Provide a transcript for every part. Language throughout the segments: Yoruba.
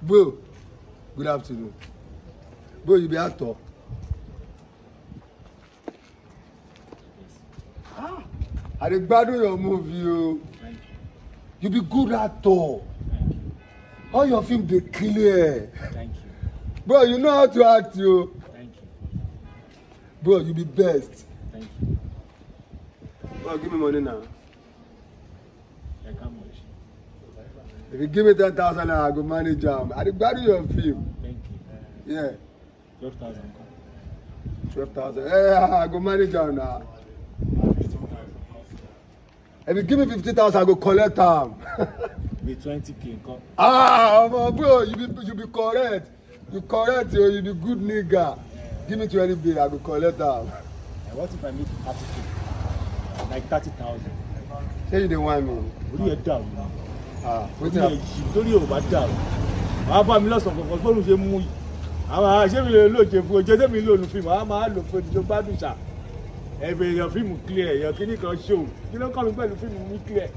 Bro, good afternoon. Bro, you be actor. Ah, I dey gbadun your movie o. You be good actor. All your film be clear. Thank you. Bro, you know how to act o. Thank you. Bro, you be best. Thank you. Bro, give me money now. I can't much. If you give me 10,000, I go manage them. I value your film. Thank you. Yeah. 12,000. 12,000. Yeah, I go manage them now. If you give me 50,000, I go collect them. With 20k income. Ah, bro, you be, you be correct. You correct, yo, oh, you be good nigga. Yeah. Give me 20k, I go collect them. And what if I make 30k? Like 30,000. Say you the one man. What do you down now? torí ò bá dà o màá bá mi lọ́sàn kankan bóun ṣe mú yìí àwọn àṣẹ́mi lè lóòjé fún ojú ẹ̀sẹ̀ mi lò nù fíìmù àwọn máa lò fún ojú gbádùn ṣá ẹ̀bẹ̀ èèyàn fíìmù clear èèyàn kíní kan ṣó kí ló kọ́ mi pẹ̀lú fíìmù mi clear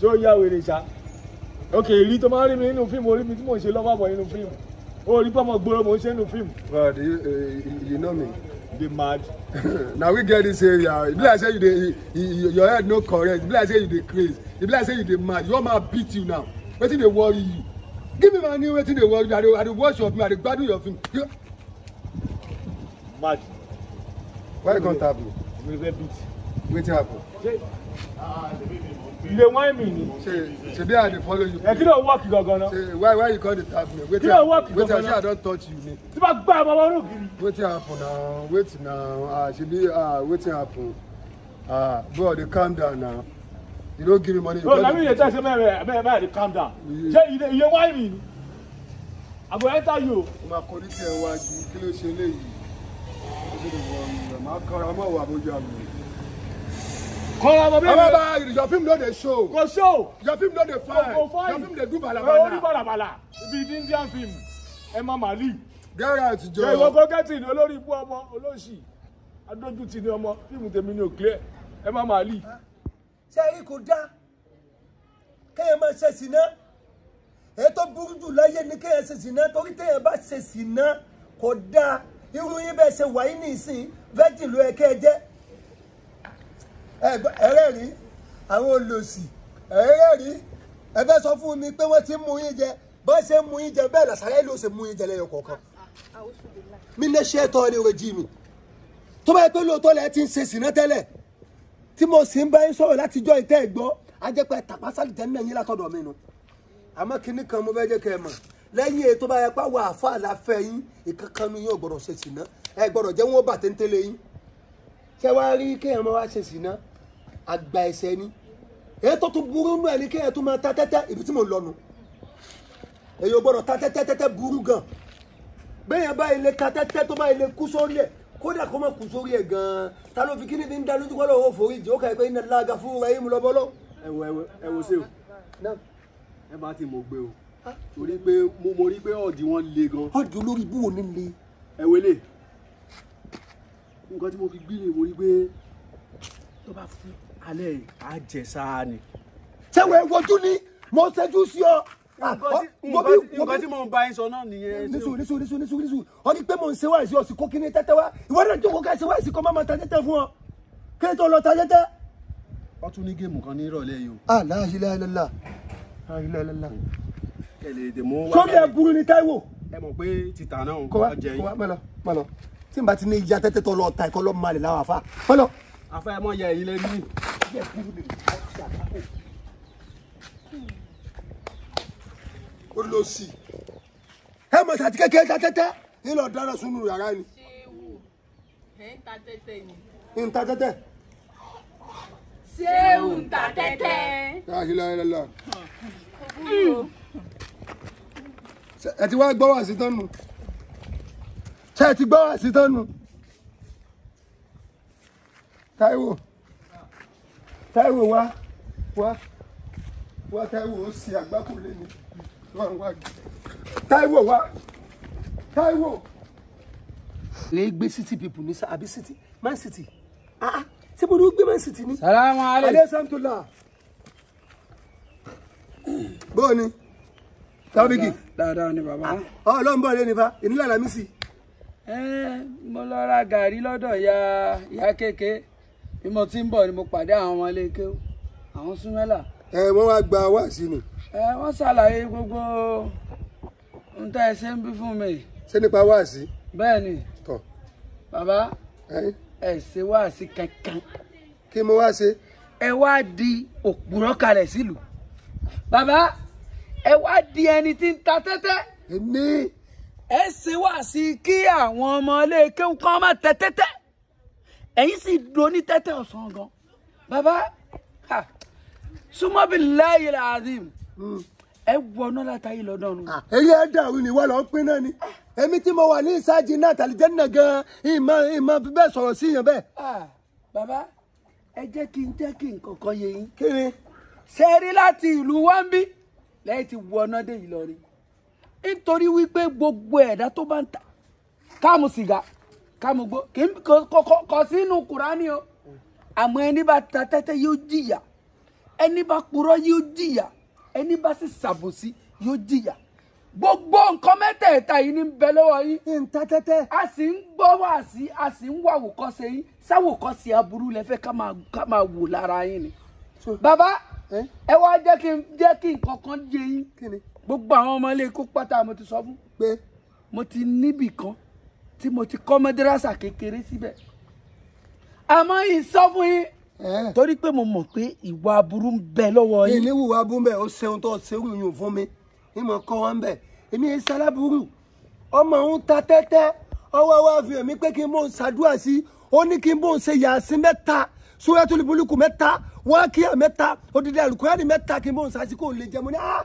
ṣé ó yá wèrè ṣá ok ìrí tó máa rí mi nínú fíìmù orí mi tí mò ń ṣe lọ́wọ́ àbọ̀ nínú fíìmù orí bọ́mọ gbòòrò mò ń ṣe nínú fíìmù. Eh, you know me dey mad. na we get dis area e be like say you dey your head no correct e be like say you dey craze e be like say you dey mad your man beat you now wetin dey worry you give me my new wetin dey worry you i dey i dey watch your film i dey gbadun your film. mad. why you come tap me. mi fẹ́ beat wetin happen. you dey whine me ni. say shebi i dey follow you. ẹkí ló work gangan na. say why why you come dey tap me. wetin i wetin i say i don touch you ni. tí bá gbá ọmọ ọmọ ògiri. wetin happen na wetin na shebi wetin happen ah, bro dey calm down na you no give me money. bro na me dey tell you say may i may i dey calm down. ṣé you dey you dey whine me ni. i go enter you. ma kọ́ ní tiẹ̀ wájú kí ló ṣe léyìí. o ṣe lè wọ ọmọ rẹ̀ ọmọ wa bójú àgbẹ̀ kọ́ra bàbá yẹn. bàbá yẹn your film no dey show. kò show. your film no dey fine. kò fine. your film dey do balabala. ó ní balabala ibi di indian film ẹ má màálì. gẹ́gẹ́ àti jọ. ìwọ kọ́kẹ́tì ni olórí ikú ọmọ olóṣì adójútì ni ọmọ fíìmù tèmi ni ò clear ẹ má màálì. ṣé ẹ rí kò dáa kéèyàn máa ṣe sìná èyí tó burú jù láyé ni kéèyàn ṣe sìná torí téèyàn bá ṣe sìná kò dáa irú yín bẹ́ẹ̀ ṣe wáyé ní ìsìn virgin ló yẹ jẹ́ ẹrẹ́rì àwọn olòṣì ẹrẹ́rì ẹ fẹ́ sọ fún mi pé wọ́n ti mú yín jẹ bọ́ ṣe mú yín jẹ bẹ́ẹ̀ làṣàrẹ́ ló ṣe mú yín jẹ lẹ́yọ kọ̀ọ̀kan mi ní ṣe tọ́ ilé rẹ̀ jí mi tó bá yẹ pé lóòótọ́ lẹ́ ti ń ṣe sìnà tẹ́lẹ̀ tí mo sì ń bá yín sọ̀rọ̀ látijọ́ ìtẹ́ ẹ̀gbọ́ ajẹ́pẹ́ tàpásálì jẹ́ nínú ẹ̀yìn látọ̀dọ̀ mi nu àmọ́ kinní kan mo fẹ́ jẹ́ kẹ́ ẹ mọ̀ lẹ́yìn ètò bá yẹ pé àwọn àáfàá la yín ìkankan nu yín gbọ́dọ̀ ṣe sìnà ẹ gbọ́dọ̀ jẹ́ wọn ó yín ṣé wàá rí kéèyàn máa wá ṣe sì ná àgbà ẹ̀ṣẹ̀ ni èyí tó tún burú nù ẹ̀ ní kéèyàn tún máa ta tẹ́tẹ́ ibi tí mò ń lọ́nu èyí ò gbọ́dọ̀ ta tẹ́tẹ́ tẹ́tẹ́ burú gan bẹ́ẹ̀yàn báyìí lè ka tẹ́tẹ́ tó báyìí lè kú sórí ẹ̀ kódà kó má kú sórí ẹ̀ gan-an ta ló fi kíní fi ń da lójú kọ́lọ́ òwò forí jẹ́ ó kà pé iná lága fún ra yín lọ bọ́lọ́. ẹ wo ẹ wo ẹ wo ṣe o ẹ bá ti mọ̀ gbé o ah. torí pé mo rí pé ọ̀dì wọn le gan. ọ̀dì olórí ibú wo ni le. ẹ wele nǹkan tí mo fi gbìlè mo rí pé tó bá fún alẹ́ àjẹsára ni. sẹ́wọ̀n ìwọ́jú ni mo ṣẹ́jú sí ọ. Ah, nǹkan tí mo ń bá yín sọ náà nìyẹn. nísù nísù nísù nísù nísù ọ ní pé mo ń ṣe wáyé sí ọ sí kó kíní tẹ́tẹ́ wá ìwọ náà jókòó ká ṣe wáyé sí kó má máa ta tẹ́tẹ́ fún ọ kí ni tó lọ ta tẹ́tẹ́. wọ́n tún ní géèmù kan ní ìrọ̀lẹ́ yìí o. ah láàyè láàyè lọ́la láàyè láàyè lọ́la. kẹlẹ èdè mo wá. sọ́dẹ̀ burú ni Táíwò. ẹ mọ̀ pé tìta náà ń kọ́ jẹ yín. kò wá mọ̀ lọ mọ̀ lọ tí n bá ti ní ìyá tẹ́tẹ́ tó lọ ta ẹ̀kọ́ lọ́ máa lè láwọn àfa fọlọ. àfa ẹ mọ yẹ ilé ní. ó lọ sí i ẹ mọ̀ tàti kékeré ta tẹ́tẹ́ nílò ọ̀daràn sunu yàrá ni. ṣé ń ta tẹ́tẹ́ ni. ń ta tẹ́tẹ́. ṣé ń ta tẹ́tẹ́. láhìlá ìlàlá. ẹ ti wá gbọ́ wá sí tán ṣe ti gbọ́ wá sí tánu Táíwò Táíwò wá wá wá Táíwò ó sì àgbákò lé ní wá Táíwò wá Táíwò. lè gbé city people ní àbí city man city ah ah ṣé mo ní gbé man city ni. salamu aleykum. aleykum santola. bóò ni. tábìkì. dáadáa ni bàbá. Ah, ọlọ́run bọ̀ lé nípa ìnílẹ̀ làmísì. Eh, mo lọ ra gàrí lọ́dọ̀ ya ya kéke bí mo ti ń bọ̀ ni mo pàdé àwọn ọmọ ilé kéwú àwọn súnmẹ́là. ẹ eh, wọ́n wá gba wáàsí nù. ẹ eh, wọ́n ṣàlàyé gbogbo ohun tá ẹ ṣe ń bí fún mi. ṣé nípa wáàsí. bẹ́ẹ̀ ni bàbá ẹ ṣe wáàsí kankan. kí mo wá ṣe. ẹ wá di òpùrọ́ kalẹ̀ sílùú bàbá ẹ wá di ẹni tí ń ta tẹ́tẹ́. èmi. E ẹ ṣe wá sí kí àwọn ọmọ ilé kéwù kan máa tẹ tẹ́tẹ́ ẹ̀yin sì do ní tẹ́tẹ́ ọ̀sán gan bàbá súnmọ́ bíi láyé làzim ẹ wọnú látàyè lọ́dọ̀ nù. èyí ẹ dàrú ni wọn lọ pín náà ni èmi tí mo wà ní ìsájì náà tàlíjẹ́ nà gan ìmọ̀ ìmọ̀ bẹ́ẹ̀ sọ̀rọ̀ sí yẹn bẹ́ẹ̀. bàbá ẹ jẹ́ kí n jẹ́ kí n kọ̀ọ̀kan yẹ yín. kí ni. ṣe rí láti ìlú wọn bí lẹ́yìn tí wọnà dé Ìlọrin nítorí wípé gbogbo ẹ̀dá tó bá ń ta káàmù sìgá káàmù gbó kò sínú kùránì o àmọ́ ẹni bá ta tẹ́tẹ́ yóò jìyà ẹni bá purọ́ yóò jìyà ẹni bá sì ṣàbòsí yóò jìyà gbogbo nǹkan mẹ́tẹ̀ẹ̀ta yìí ní bẹ lọ́wọ́ yín. n ta tẹ́tẹ́. a sì ń gbọ́ wá sí a sì ń wá àwòkọ́ṣe yín sáwòkọ́ṣe aburú lẹ́fẹ́ ká máa wò lára yín ni. baba ẹ wá jẹ́ kí n jẹ́ jẹ yín gbogbo àwọn ọmọ ilé ikú pátá mo ti sọ fún pé mo ti níbì kan tí mo ti kọ́ mẹ́dírásà kékeré síbẹ̀ àmọ́ ìsọfún yín torí pé mo mọ̀ pé ìwà aburú ń bẹ lọ́wọ́ yín. èmi wùwà aburú bẹ́ẹ̀ ó ṣeun tó ṣerú yùn fún mi ni mo kọ́ wọn bẹ́ẹ̀ èmi ẹ̀ ṣaláburú ọmọ òun ta tẹ́tẹ́ ọwọ́ wa fi èmi pé kí n bò ń ṣàdúrà sí ó ní kí n bò ń ṣe yàásí mẹ́ta suratul buluku mẹ́ta wákìá mẹ́ta odidi àlùkùránì mẹ́ta kí n bò ń ṣàṣìkò lè jẹ́ mo ní ah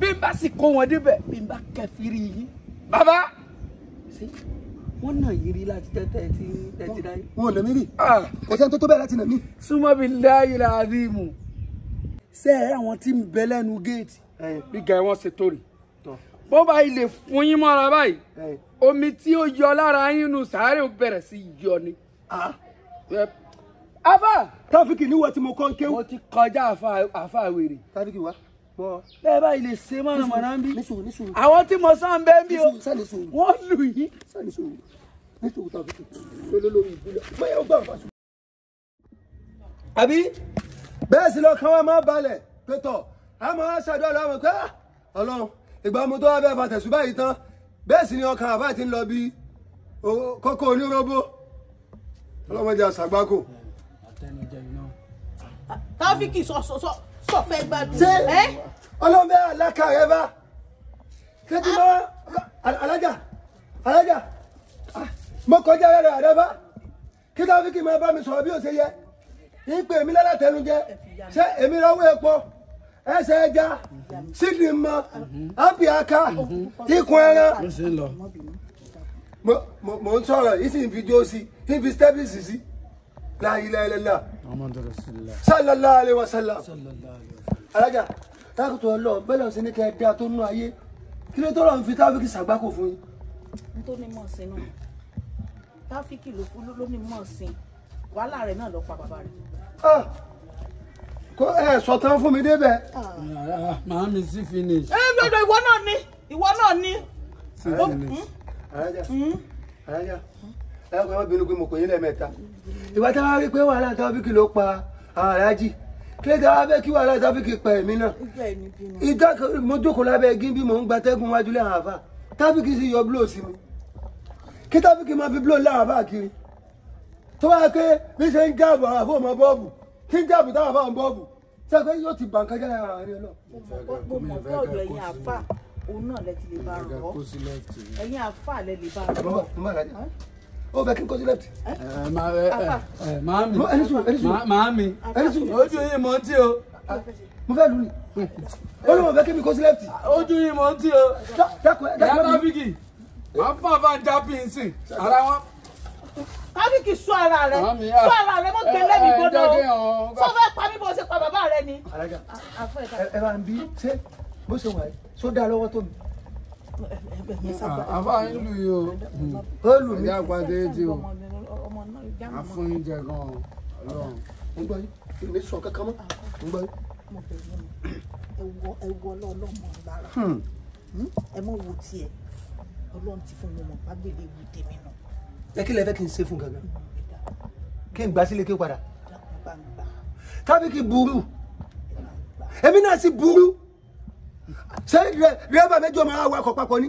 Bimba si bá sì kó wọn débẹ̀ bí n bá kẹfìrí yín bàbá wọ́n náà yìí rí láti tẹ́tẹ́ tí tẹ́tí dáyé. wọn ò lè mí rí ah. kò sẹ́ni tó tó bẹ́ẹ̀ láti nà mí. súnmọ́ bíi láàyè láàrin mu ṣé ẹ àwọn tí ń bẹ lẹ́nu géètì bí gàá wọn ṣe tó bó bá ilé fún yín mọ́ra báyìí omi tí ó yọ lára yín nu sàárè ó bẹ̀rẹ̀ sí yọ ni. afa. tàfíkì ni wọ́n ti mọ kọ́ ń kéwù. mo ti kọjá àfa àwèrè. tàfíkì wa bẹ́ẹ̀ báyìí lè ṣe mọ́nà mọ̀nà ń bí àwọn tí mo sàn bẹ́ẹ̀ bí o wọ́n lù yín. àbí bẹ́ẹ̀ sì lọ kàn máa balẹ̀ pé tọ̀ a máa ṣàdúrà lọ́wọ́ pé ah, ọlọ́run ìgbà mo tó wá bẹ́ẹ̀ fàtẹ̀sù báyìí tán bẹ́ẹ̀ sì ni ọkàn àbá ti ń lọ bí kókó oníróbó ọlọ́mọdé àṣàgbákò. táfíkì sọ sọ sọ pọ̀ fẹ́ gbádùn. ṣé ọlọ́mọbẹ aláka rẹ bá kẹ́tí máa alájà alájà ah, mo kọjá rẹ rẹ bá kí táwọn fi kì í máa bá mi sọ̀rọ̀ bí ó ṣe yẹ ìpè èmi lálátẹnujẹ ṣé èmi lọ́wọ́ epo ẹsẹ̀ ẹja sídìí mọ ápì aka ikùn ẹran mo ń sọ̀rọ̀ yìí sì ń fi jó sí ń fi stẹ́bìsì sí la ilaha illallah muhammadu rasulullah sallallahu alayhi wa sallam alájà tákùtù ọlọ́run bẹ́ẹ̀ lọ́sẹ̀ ní kẹ́ẹ́ dáa tó nú ayé kí ló tó lọ́n fi táfíkì sàgbákò fún yín. n tó ní mọ̀ sí náà táfíkì ló fún ló ní mọ̀ sí wàhálà rẹ̀ náà ló pa bàbá rẹ̀. Ah! kó ẹ sọ tán fún mi débẹ̀. Ah, màá mi sí finish. ẹ gbọ́dọ̀ ìwọ náà ni ìwọ náà ni. sí finish. Hmm? alájà hmm? alájà ẹ kò yẹ kó bínú pé mo kò yín lẹ́ẹ̀mẹ́ta ìgbà tí wọ́n rí pé wàhálà Taofeek ló pa aláàjì kéde wá fẹ́ kí wàhálà Taofeek pa èmi náà ìdá mo jókòó lábẹ́ gímbí mò ń gbatẹ́gùn wájú lẹ́hàn àfà Taofeek sì yọ blow sí mi kí Taofeek máa fi blow lẹ́hàn àfà kiri tó wáá pé bí ṣe ń jáàbù àwọn àfọ ọmọ bọ́ọ̀bù tí ń jáàbù táwọn àfọ ọmọ bọ́ọ̀bù tí a pé yóò ti bà ń kájà lára àárín ọlọ́ mo mọ̀ pé ọ̀dọ̀ ẹ̀yin àfà òun náà lẹ ti lè bá rọ̀ ẹ̀yin àfà lẹ lè bá rọ̀ ó bẹ kí n kó sí lẹ́pìtì. maami mami, ojú yìí mọ̀ ń tí o. Ah, ah, mo fẹ́ lù ní. ó lóun bẹ kí mi kó sí lẹ́pìtì. ojú yìí mọ̀ ń tí o. Eh, ìyá tábìkì máa fún àbá ń já pínsìn ara wọn. kábíkì sọ ara rẹ ah. sọ ara rẹ mo gbé eh, lẹ́mìí eh, gbódò oh, oh, sọ fẹ́ pa mí bó ṣe pa bàbá rẹ ni. ẹ bá ń bí ṣé bó ṣe wà yìí sódà lọ́wọ́ tó mi àfa ń lù yìí o ó lù mí àgbàdo etí o àfúnjẹ gan Ọlọ́run. mo gbọ́ yín èmi sọ kankan mọ́ mo gbọ́ yín. mo bẹ̀rù ẹ̀wọ̀ ẹ̀wọ̀ ọlọ́mọ lára hmm. Hmm? ẹ mọ̀ wo tiẹ̀ Ọlọ́run ti fún mi mọ̀ bá gbèlè ewu tèmi nù. ẹ kí lẹ fẹ́ kí n ṣe fún gangan kí n gbà sílé kí n padà tàbí burú èmi náà sì burú ṣé dírẹ́bà méjì ó máa wakọ̀ papọ̀ ni.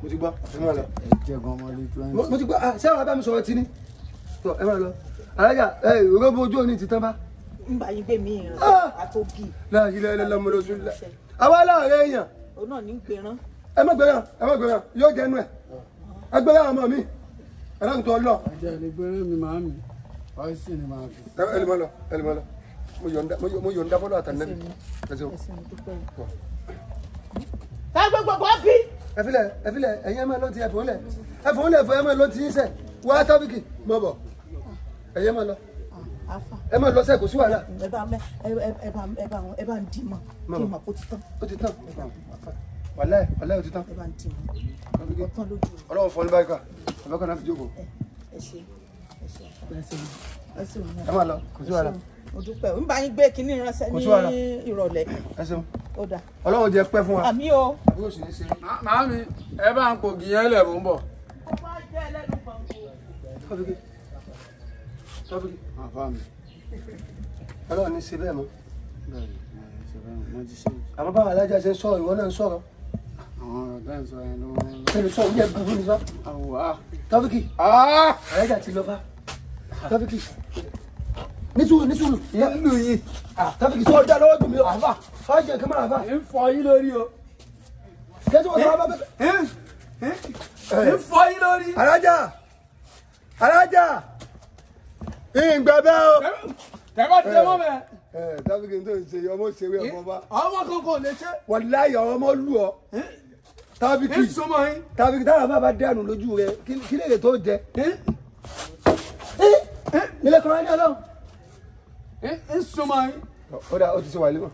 mo ti gbọ́ ẹ lọ. mo ti gbọ́ ah, ṣé àwọn abámi sọ̀rọ̀ tí ni ẹ lọ alájà ẹ ìrọ́bù ojú òní ti tán bá. ń bá yín gbé mi ìrìn ah! àtòkì. láàyè lẹ́lẹ́ lọ́mọ lóṣù la àwa láàárẹ̀ èèyàn. òun náà ní gbẹ̀rán. ẹ má gbẹ̀rán ẹ má gbẹ̀rán yóò jẹ́ inú ẹ̀ ẹ gbẹ̀rán ọmọ mi ẹ náà tó lọ. ajá ni gbẹ̀rán mi màá mi ọ̀sì ni màá fi. ẹ lè má lọ ẹ lè má lọ mo yọ̀ǹda fọlọ́ àtàlẹ́bí ẹ ṣeun. ẹ gbogbo kò bí. ẹ filẹ̀ ẹ filẹ̀ ẹ̀yin ẹ máa lọ ti ẹ fòun lẹ̀ ẹ fòun lẹ̀ fún ẹ máa lọ ti yín sẹ̀ wá tábìkì mọ̀ bọ̀ ẹ̀yin ẹ máa lọ ah, ẹ máa lọ sẹ kò sí wàhálà. ẹ bá ẹ bá ẹ bá ẹ bá ń dì mọ kí n mọ kó ti tán. ó ti tán wàláyé wàláyé ó ti tán. ẹ bá ń dì mọ ọtán lójú. ọlọ́wọ́ fọ́n ní báyìí ká ọlọ́kàn náà fi jókòó. ẹ ṣe ẹ máa lọ kò sí wàhálà. mo dúpẹ́ ń bá yín gbé kinní ránṣẹ́ ní ìrọ̀lẹ́. ẹ ṣeun ọlọ́run jẹ́ pẹ́ fún wa. àmì o. àbí o sì ní ṣe. màá mi ẹ bá ń pògì yẹn lẹ̀ mò ń bọ̀. ó bá jẹ́ ẹlẹ́nu gbọ̀ngàn. tọ́bìkì àbá mi ọlọ́run ní ṣe bẹ́ẹ̀ mọ́. àmọ́ báwọn alájà ṣe ń sọ̀rọ̀ ìwọ náà ń sọ̀rọ̀ tẹlifisọ yẹ gbogbo nìkan tọ́bìkì alájà ti lọ bá tọ́fíkì nísùúrù nísùúrù ìlú yìí tọ́fíkì sọ dá lọ́wọ́ gbòmí àfà ọ̀jẹ̀ kí máa àfà. ń fọ yín lórí o. kẹ́tù wọ́n sọ wá bẹ́ẹ̀. ń fọ yín lórí. alájà alájà ìgbà bẹ́ẹ̀ o. tẹ́fà ti dẹ́mọ́ mẹ́. tọ́fíkì tó ń ṣe ọmọ ìṣèwé ọmọ bá. ọmọ kankan ò lè ṣe. wàláyà ọmọ lù ọ tàbí kí tàbí kí táwọn bá bá dànù lójú rẹ kí lè tó jẹ mílẹ̀ eh, kan rẹ̀ ní ọlọ́run. ń eh, eh, sọmọ yín. ó dà ó ti ṣe wà lébọ̀.